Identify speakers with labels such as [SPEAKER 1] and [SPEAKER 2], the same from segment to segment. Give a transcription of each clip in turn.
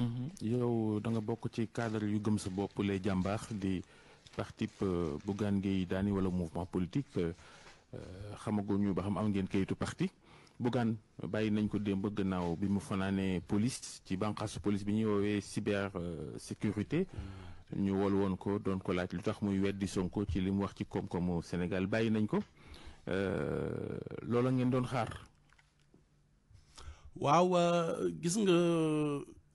[SPEAKER 1] Mhm. yow da nga bok ci cadre yu gëm sa bop les jambax di parti Bougane gay dani wala mouvement politique euh, xamago ñu ba xam am ngeen kayitu parti gan bayi nañ ko démb gënaaw bi mu fanané police ci bankas police bi ñuy wowe cyber euh, sécurité mhm. ñu wol won ko don ko laaj lutax muy wéddi sonko ci lim wax ci kom koomu Sénégal bàyyi nañ ko euh, lolo ngeen don xaar waaw gis nga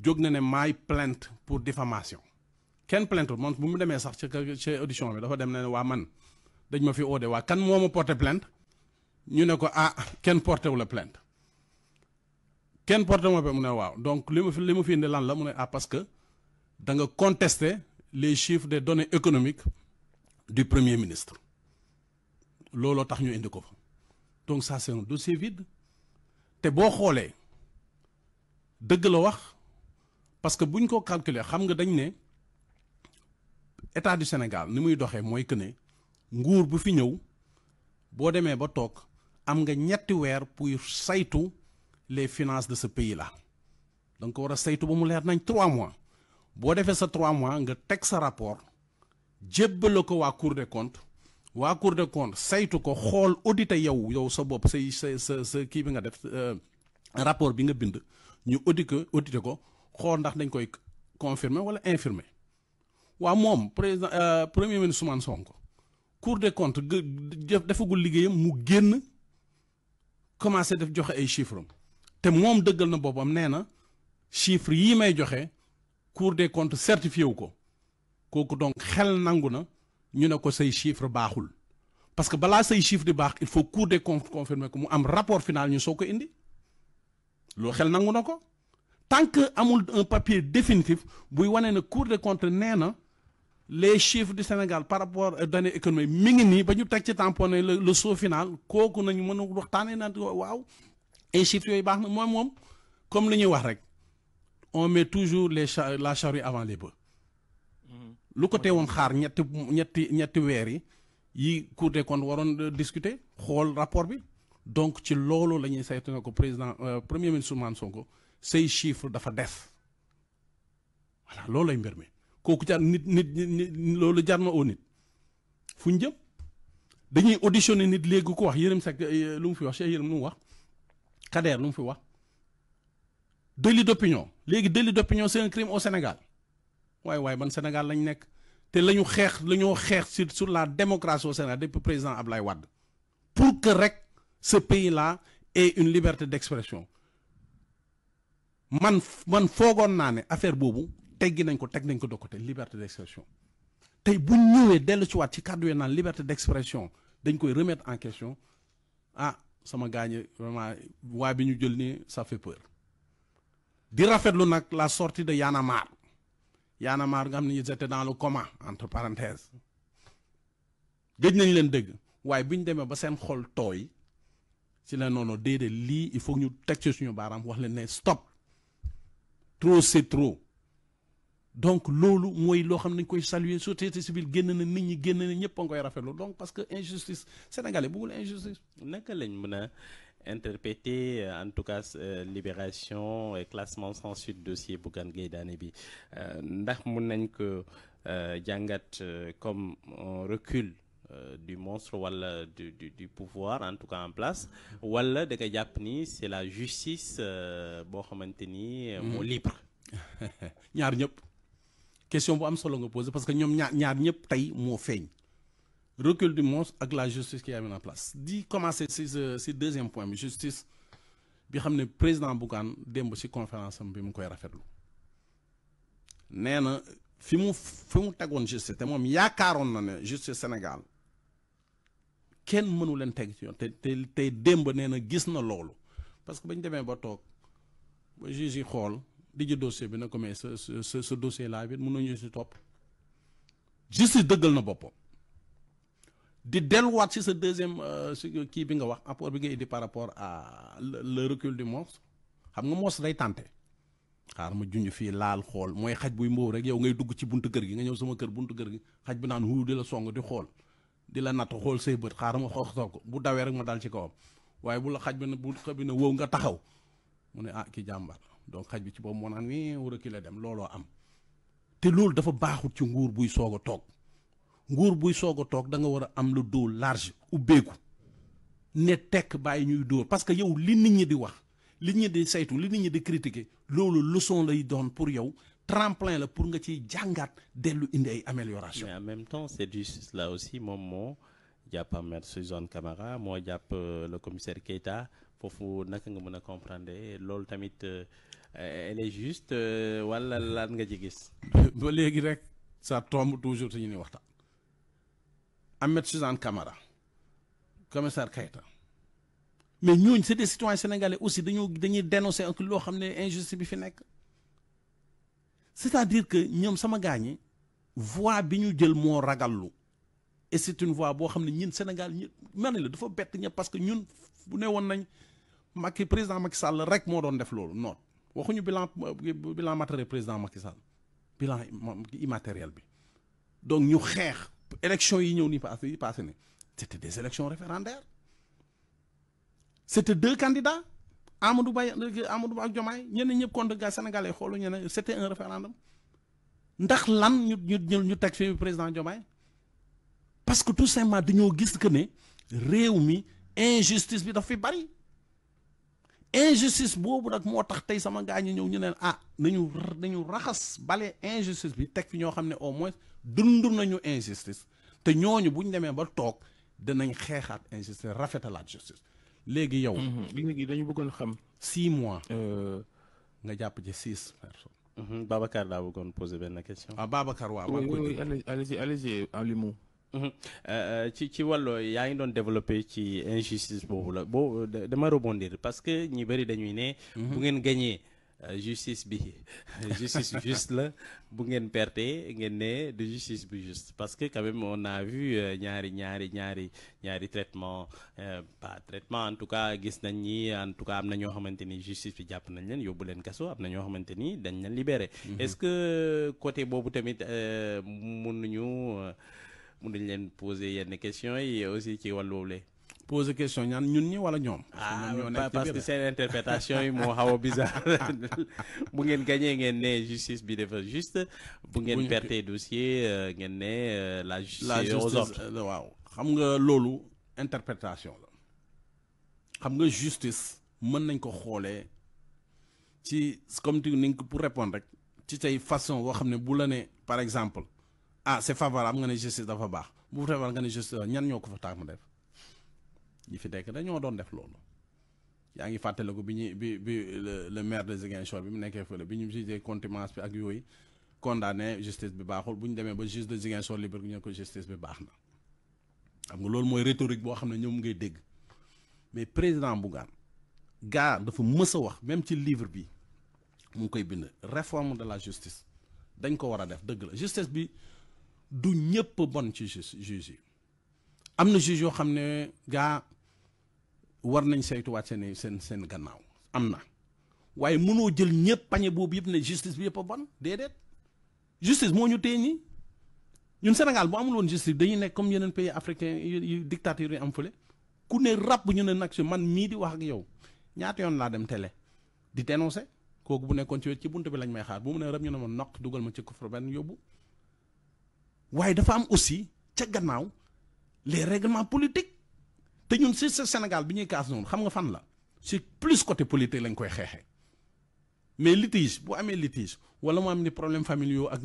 [SPEAKER 2] jóg na may plainte pour diffamation Ken plainte moom bu mu demee sax ca ca audition bi dafa dem ne wa man dañ ma fi oode wa. kan moo ma plainte ñu ne ko ah Ken porté wu la plainte Ken porte wu ma mu ne wa. donc li ma fi li lan la mu ne ah parce que da nga contester les chiffres des données économiques du premier ministre Lolo tax ñu indi ko fa donc ça c'est un dossier vide te boo xoolee dëgg lo wax parce que buñ ko calculer xam nga dañ né état du Sénégal ni muy doxé moy que né nguur bu fi ñew bo démé ba tok am nga ñetti weer pour saytu les finances de ce pays là donc wara saytu bu mu leer nañ 3 mois bo défé sa 3 mois nga tek sa rapport jébbale ko wa Cour des comptes wa Cour des comptes saytu ko xol auditer yow yow sa bop ce ce ce sa kii bi nga def euh, rapport bi nga bind ñu audité auditer ko xool ndax dañ koy confirmer wala infirmer waaw moom président euh, premier ministre Ousmane Sonko cour des comptes defagul liggéeyam mu génn commencé def joxe ay chiffres am te moom dëggal na boppam nee na chiffres yii may joxe cour de contre certifié wu ko kooku donc xel nangu na ñu ne ko say chiffres baaxul parce que balaa say chiffres di baax il faut cour des comptes ko mu am rapport final ñu soo ko indi loolu xel nangu na ko. tant que amul un papier définitif buy wone ne Cour de compte nee les chiffres du Sénégal par rapport aux données économiques mingi ni bañu tek ci tamponné le le saut final kooku nañu mën a na naan et chiffres yoy baax na mom comme li wax rek on met toujours les cha la charrue avant les bœufs. Mm-hmm. lu ko teewoon xaar ñetti ñetti ñetti wéri yi Cour de compte waroon discuter xol rapport bi donc ci loolu la ñuy saytu ne ko président euh, premier ministre Man Sonko say chiffre dafa def wala lolay lay mbir mi nit nit nit loolu jar na nit fuñ ñu jëm dañuy auditionné nit légui ko wax Yérim Seck eh, lu mu fi wax Cheikh Yérim lu mu wax Kader lu mu fi wax délit d'opinion légui deli d'opinion c'est un crime au Sénégal way way ban Sénégal lañ nek té lañu ñu lañu la sur sur la démocratie au Sénégal depuis président Ablaye Wade pour que rek ce pays là ait une liberté d'expression man man fogon naa ne affaire boobu teggi nañ ko teg nañ ko de côté liberté d'expression tey bu ñëwee dellu ci waat ci kàddu naan liberté d'expression dañ koy remettre en question ah sama gaañe vraiment waa bi ñu jël nii ça fait peur di rafetlu nag la sortie de Y'en a marre Y'en nga xam ne ils étaient dans le coma entre parenthèses gëj nañ leen dëgg waaye buñ ñu demee ba seen xol tooy ci la noonu déedéet lii il faut ñu teg ci suñu baaraam wax leen ne stop trop c'est trop donc lolu moy lo xam ne koy saluer société civile génn na nit ñi génn na ñepp rafetlu donc parce que injustice sénégalais bëggul injustice.
[SPEAKER 3] nek lañ mëna interpréter euh, en tout cas euh, libération et classement sans suite dossier Bougane Gueye Dany bi euh, ndax mun nañ ko jàngat comme un recul. Euh, du monstre wala du, du, du, pouvoir en tout cas en place wala da nga jàpp ni c'est la justice euh, boo xamante ni euh, mhm. libre
[SPEAKER 2] ñaar ñep question bu am solo nga poser parce que ñom ñaar ñaar ñëpp tey moo recul du monstre ak la justice qui a mis en place di commencer c'est ce deuxième point justice bi xamné président bougan démb ci conférence bi mu koy rafetlu néna na fi mu fi mu tegoon justice te moom yaakaaroon na ne justice Sénégal kenn mënu leen teg ci yoon te te tey démb nee na gis na loolu parce que ba demee ba toog ba juge yi xool di ji dossier bi na ko mais sa sa sa dossier laa bi mënuñu si topp justice dëggal na boppam di delluwaat ci sa deuxième si euh, kii bi nga wax apport bi nga di par rapport à le recul du monstre xam nga monstre day tànte xaar ma junj fii laal xool mooy xaj buy mboobu rek yow ngay dugg ci buntu kër gi nga ñëw sama kër buntu kër gi xaj bi naan huu di la song di xool di la nattu xool say bët xaaral ma xoxtal ko bu dawee rek ma dal ci kawam waaye bu la xaj bi na bu xëbbi na ne wow nga taxaw mu ne ah ki jàmbar donc xaj bi ci boobu moo naan nii war a ki dem looloo am te loolu dafa baaxut ci nguur buy soog a toog nguur buy soog a toog da nga war a am le dos large ubbeeku ne tekk bàyyi ñuy dóor parce que yow li nit ñi di wax li ñi di saytu li nit ñi di critiquer loolu leçon lay doon
[SPEAKER 3] pour yow tremplin le pour nga ci jangate delu indi ay amélioration mais en même temps c'est juste là aussi pas moo jàpp Me Suzanne Camara y a le commissaire Keita Il vous nga mën comprendre l'ol tamit euh, elle est juste euh, wala lan nga ci gis. ba légui rek ça tombe toujours te ñu ni waxtaan.
[SPEAKER 2] Suzanne Camara commissaire Keita mais nous, c'est des citoyens sénégalais aussi nous dañuy dénoncer un peu xam injustice bi fi c'est-à-dire que ñoom sama gagné, voie bi ñu jël mo ragallu et c'est une voie bo xamné ñun Sénégal ñu mel ni la dafa bett ñe parce que ñun bu néwon nañ Macky président Macky Sall rek mo doon def loolu non waxuñu bilan bilan matériel président Macky Sall bilan immatériel bi donc ñu xex élection yi ñëw ni passé passé né. c'était des élections référendaires c'était deux candidats Amadou Ba Amadou Ba ak Diomaye ñenn ñëpp contre gars sénégalais xoolu ñu ne c'était un référendum ndax lan ñu ñu ñu teg fi président Diomaye parce que tout simplement dañoo gis que ne réew mi injustice bi daf fi bari injustice boobu nag moo tax tey sama gars ñi ñëw ñu ne ah nañu nañu raxas bale injustice bi teg fi ñoo xam ne au moins dund nañu injustice te ñooñu bu ñu demee ba toog danañ xeexaat injustice rafetalaat justice. légui yow. Mhm. léegi dañu bëggone xam. 6 mois. euh nga japp ci 6 personnes.
[SPEAKER 3] Mhm. Babacar da bëggoon poser ben question. ah Babacar wa waaw oui oui
[SPEAKER 1] allez allez
[SPEAKER 3] allez ci ci wallo yaa ngi doon développer ci injustice boobu la bo euh, dama rebondir parce que ñi bari dañuy ne. Mhm. bu ngeen gagner euh, justice bi justice juste là bu ngeen perté ngeen de justice bi juste parce que quand même on a vu euh, ñaari ñaari ñaari ñaari traitement euh, pas traitement en tout cas gis nañ ni en tout cas amna na ñoo xamante ni justice bi japp nañ leen yobul leen kasso amna na ñoo xamante ni dañ leen libéré. Mhm. est-ce que côté bobu tamit mënuñu mënuñ leen poser yenn questions et aussi ci wàllu
[SPEAKER 2] poser question ñan ñun ñi wala ñoom. ah parce que ah, c'est interprétation yi moo xaw bizarre
[SPEAKER 3] bu ngeen gagné ngeen né justice bi dafa juste bu ngeen perte dossier euh, ngeen né euh, la justice
[SPEAKER 2] aux ordres euh, waaw xam nga lolu interprétation la xam nga justice mën nañ ko xolé ci comme tu ni pour répondre rek ci tay façon wo xamné bu la né par exemple ah c'est favorable nga né justice dafa bax bu favorable nga justice ñan ñoko fa tax def ñi fi nekk dañoo doon def loolu yaa ngi fàttaliku bi ñu bi bi le maire de Ziguinchor bi mu nekkee fële bi ñu jugé contumace bi ak yooyu condamné justice bi baaxul bu ñu demee ba juge de Ziguinchor libre ñu ne ko justice bi baax na xam nga loolu mooy rhétorique boo xam ne ñoom ngay dégg mais président Bougane gaa dafa mës a wax même ci livre bi mu ngi koy bind réforme de la justice dañ ko war a def dëgg la justice bi du ñëpp bon ci juge yi am na juge yoo xam ne gaa war nañ saytuwaat seen seen seen gannaaw am na waaye mënoo jël ñëpp pañe boobu yëpp ne justice bi yëpp a bon déedéet justice moo ñu téye ñi ñun Sénégal bu amul woon justice dañu nekk comme yeneen pays africain yu dictature yu am fële ku ne ràbb ñu ne nag si man mii di wax ak yow ñaata yoon laa dem télé di dénoncé kooku bu nekkoon ci wet ci bunt bi lañ may xaar bu mu ne rab ñu ne ma noq dugal ma ci coffre benn yóbbu waaye dafa am aussi ca gannaaw te ñun si sa Sénégal bi ñuy kaas noonu xam nga fan la c'est plus côté politique lañu koy xeexee mais litige boo amee litige wala moo am ni problème familiaux ak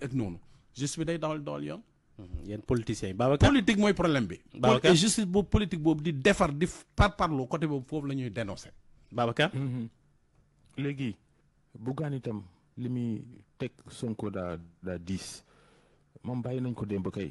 [SPEAKER 2] ak noonu justice bi day dawal dawal yoon. Mm-hmm. yéen
[SPEAKER 3] politiciens yi Babacar
[SPEAKER 2] mooy problème bi. Babacar justice boobu politique boobu di defar di par parloo côté boobu
[SPEAKER 1] foofu la ñuy dénoncer. Babacar. Mm-hmm. léegi Bougane itam li muy teg Sonko daa daa diis moom bàyyi nañ ko démb kay.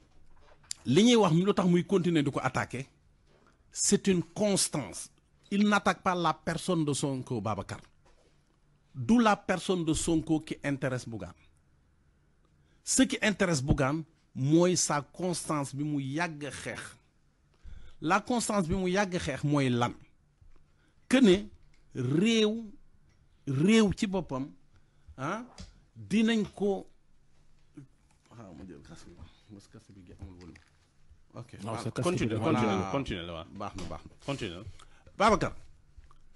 [SPEAKER 3] Ce que
[SPEAKER 2] wax lu tax muy continuer attaquer c'est une constance il n'attaque pas la personne de Sonko Babacar d'où la personne de Sonko qui intéresse Bougam. ce qui intéresse Bougam, c'est sa constance bi est la constance bi mu yàgg c'est mooy lan que ne réew ci ah dinañ ko ah, Je me ok continue continue la waaw baax na baax na continue la Babacar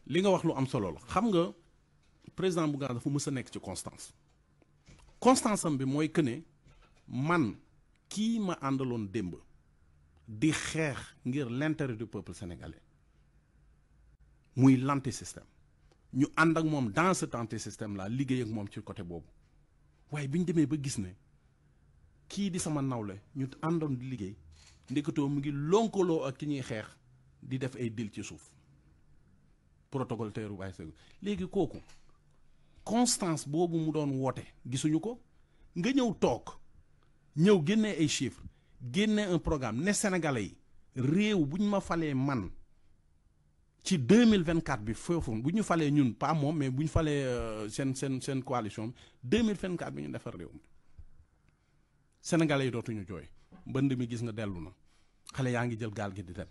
[SPEAKER 2] li nga wax lu am solo la xam nga président Bougane dafa mës a nekk ci constance constance am bi mooy que ne man kii ma àndaloon démb di xeex ngir l'intérêt du peuple sénégalais muy l'antisystème ñu ànd ak moom dans cet antisystème là liggéey ak moom ci côté boobu waaye bi ñu demee ba gis ne kii di sama nawle ñu àndoon di liggéey ndeketoo mu ngi lonkolo ak ki ñuy xeex di def ay dil ci suuf protocole teeru bàyyi sëg e léegi kooku constance boobu mu doon wote gisuñu ko nga ñëw toog ñëw génnee ay chiffres génnee un programme ne sénégalais yi réew buñ ma falee man ci 2024 bi foofu bu ñu falee ñun pas moom mais bu ñu falee euh, seen seen seen coalition 2024 bi ñu defar réew mi sénégalais yi dootuñu jooy. mbënd mi gis nga dellu na xale yaa ngi jël gaal gi di dem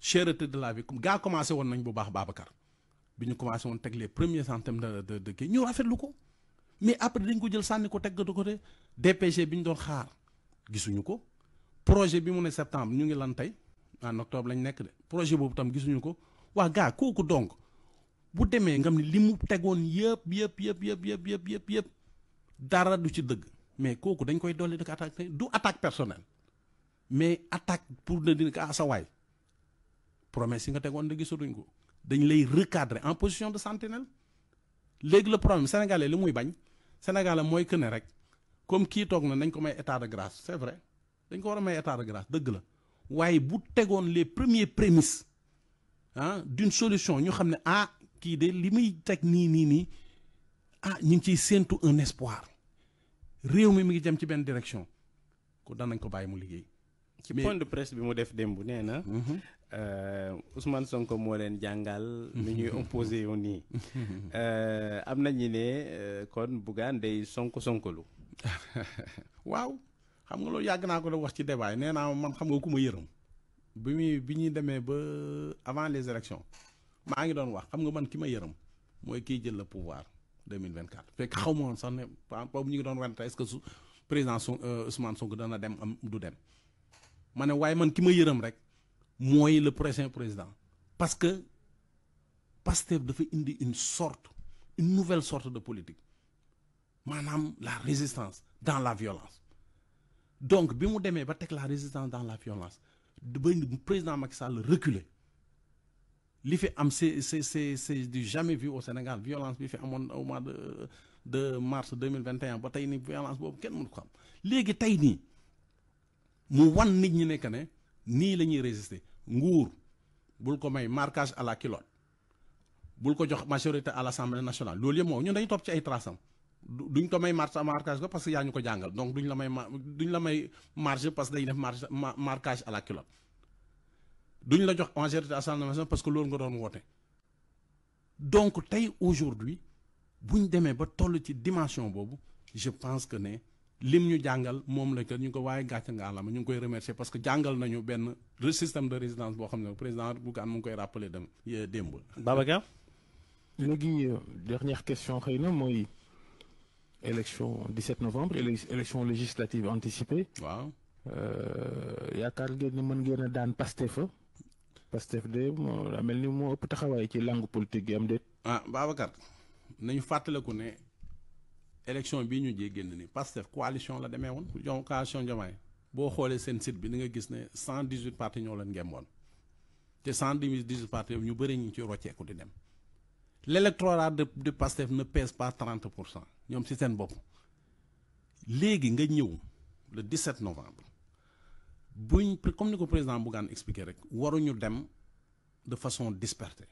[SPEAKER 2] cherté de la vie gaa commencé woon nañ bu baax Babacar bi ñu commencé woon teg les premiers centimes de de de kii ñu ko mais après dañ ko jël sànni ko teg de côté DPG bi ñu doon xaar gisuñu ko projet bi mu ne septembre ñu ngi lan tey en octobre lañ nekk de projet boobu tam gisuñu ko waa gaa kooku donc bu demee ngam ni li mu tegoon yëpp yëpp yëpp yëpp yëpp yëpp yëpp yëpp dara du ci dëgg mais kooku dañ koy dolli di ko du attaque personnelle mais attaque pour ne dire que ah, sa waay promesse nga tegoon de gisatuñ ko dañ lay recadrer en position de sentinelle léegi le problème sénégalais li muy bañ sénégalais moy que ne rek comme kii tok na nañ ko may état de grâce c'est vrai dañ ko wara may état de grâce deug la waye bu tegoon les premiers prémices ah d'une solution ñu xamné ah ki dé li muy teg ni ni nii ah ñu ci sentu un espoir réew mi mi ngi jëm ci ben direction
[SPEAKER 3] ko dan nañ ko bàyyi mu liggéey ci point de presse bi mu def démb nee na. Mhm. Euh, Ousmane Sonko moo leen jàngal. Mhm. ni ñuy opposé on nii. Euh, am na ñu ne euh, kon bugaan day sonko sonkolu waaw xam nga loolu yàgg naa ko wax ci débat yi nee naa man xam nga ku
[SPEAKER 2] ma yërëm. bi bi ñuy demee ba avant les élections maa ngi doon wax xam nga man ki ma yërëm mooy kiy jël le pouvoir 2024 fekk xaw ma woon sax ne boobu ñu ngi doon wante est-ce que président Ousmane Sonko dana dem am du dem ma ne man ki ma rek moy le prochain président parce que da fa indi une sorte une nouvelle sorte de politique manam la résistance dans la violence donc bi mu demee ba teg la résistance dans la violence le président Macky Sall reculer li fi am c'est c'est c'est du jamais vu au Sénégal violence bi fi au mois de de mars 2021 ba tay ni violence bobu kenn mënu ko am légui mu wan nit ñi nekk ne nii la ñuy résister nguur bul ko may marquage à la culotte bul ko jox majorité à l' assemblée nationale loolu yëpp moom ñun dañu topp ci ay traçam duñ ko may marche marquage ko parce que yaa ñu ko jàngal donc duñ la may duñ la may marge parce que dañuy def marge marquage à la culotte duñ la jox majorité à l' nationale parce que loolu nga doon woote donc tey aujourd'hui buñ demee ba toll ci dimension boobu je pense que ne lim ñu jàngal moom la ñu ko waaye gàcce nga la ñu ngi koy remercier parce que jàngal nañu benn système de résidence boo xam ne président Bougane mu ngi koy rappeler dem démb. Babacar.
[SPEAKER 1] léegi euh, dernière question xëy na mooy élection 17 novembre élection législative anticipée. waaw. Euh, yaakaar ngeen ni mën ngeen a daan Pastef Pastef de moo mel ni moo ëpp taxawaay ci langue politique gi am déet.
[SPEAKER 2] ah Babacar nañu fàttaliku ne élection bi ñu jee génn ni Pastef coalition la démé won jom coalition jomay Bo xolé sen site bi nga gis né 118 partis parti ñoo leen ngemboon te cent dix parti ñu bëri ñu ci ko di dem L'électorat de de Pastef ne pèse pas 30%. ñom ci sen bop légui nga ñëw le 17 novembre buñ comme ni ko président Bougane expliquer rek ñu dem de façon dispersée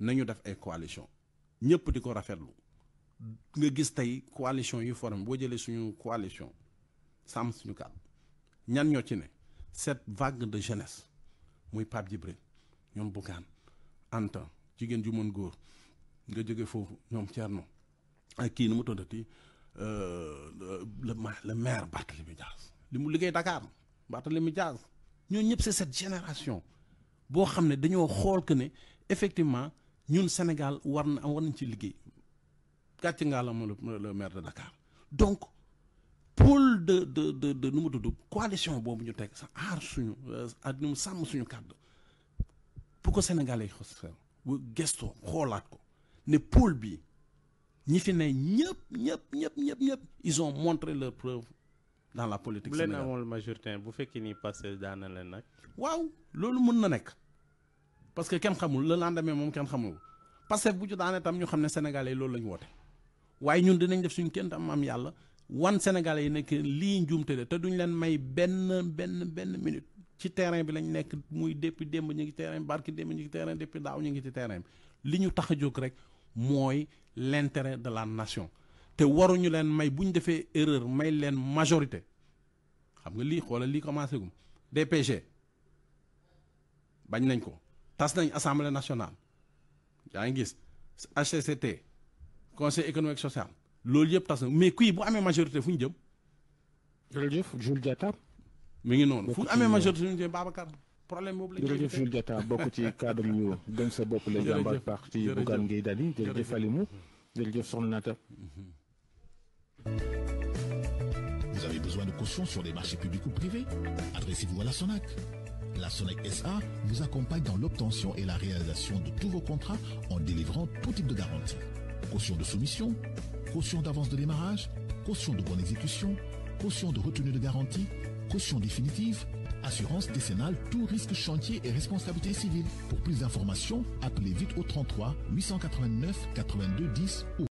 [SPEAKER 2] nañu def ay coalition ñëpp faire de rafetlu nga gis tay coalition yu forme bo jëlee suñu coalition sam suñu kàddu ñan ñoo ci ne cette vague de jeunesse muy Pape Djibril ñoom Bougane Anta jigéen ju mën góor nga jóge fofu ñom Thierno ak ki numu tontati euh le maire Barthélémy Dias limu mu liggéey Dakar Barthélémy Dias ñoo ñëpp c'est cette génération bo xamné dañoo xol que né effectivement ñun Sénégal war na war nañ ci liggéey Katinga ngaalama le maire de Dakar donc pôle de de de de nu mu coalition boobu ñu teg sa aar suñu euh, ak nu mu suñu kàddu pour ko Sénégalais yi xos bu gesto xolat ko né pôle bi ñi fi né ñep ñep ñep ñep ñep ils ont montré leur preuve dans la politique sénégalaise bu leen
[SPEAKER 3] amoon majorité bu fekk ni passé daana
[SPEAKER 2] le nak waaw lolu mën na nek parce que kenn xamul le lendemain mom kenn xamul Pastef bu ju daane tam ñu xamné sénégalais lolu la ñu waaye ñun dinañ def suñu kenn am am yàlla wan Sénégalais yi nekk lii njuumte la te duñ leen may benn benn benn minute ci terrain bi lañ nekk muy depuis démb ñu ngi terrain barki démb ñu ngi terrain depuis daaw ñu ngi ci terrain bi li ñu tax a jóg rek mooy l'intérêt de la nation te waruñu leen may buñ ñu defee erreur may leen majorité xam nga lii xoolal lii commencé gum DPG bañ nañ ko tas nañ assemblée nationale yaa ngi gis HCCT conseil économique social loolu yëpp tas na mais kuy bu amee majorité fu ñu jëm. jërëjëf Jules Diatta. mi ngi noonu fu amee majorité fu ñu jëm Babacar problème boobu la jërëjëf Jules Diatta bokk ci
[SPEAKER 1] cadre ñu gëm sa bopp la jàmbar parti bu gan ngay dali jërëjëf Alimou jërëjëf Soxna Naata. Vous avez besoin de caution sur des marchés publics ou privés? Adressez-vous à la SONAC. La SONAC SA vous accompagne dans l'obtention et la réalisation de tous vos contrats en délivrant tout type de garantie. Caution de soumission, caution d'avance de démarrage, caution de bonne exécution, caution de retenue de garantie, caution définitive, assurance décennale, tout risque chantier et responsabilité civile. Pour plus d'informations, appelez vite au 33 889 82 10 ou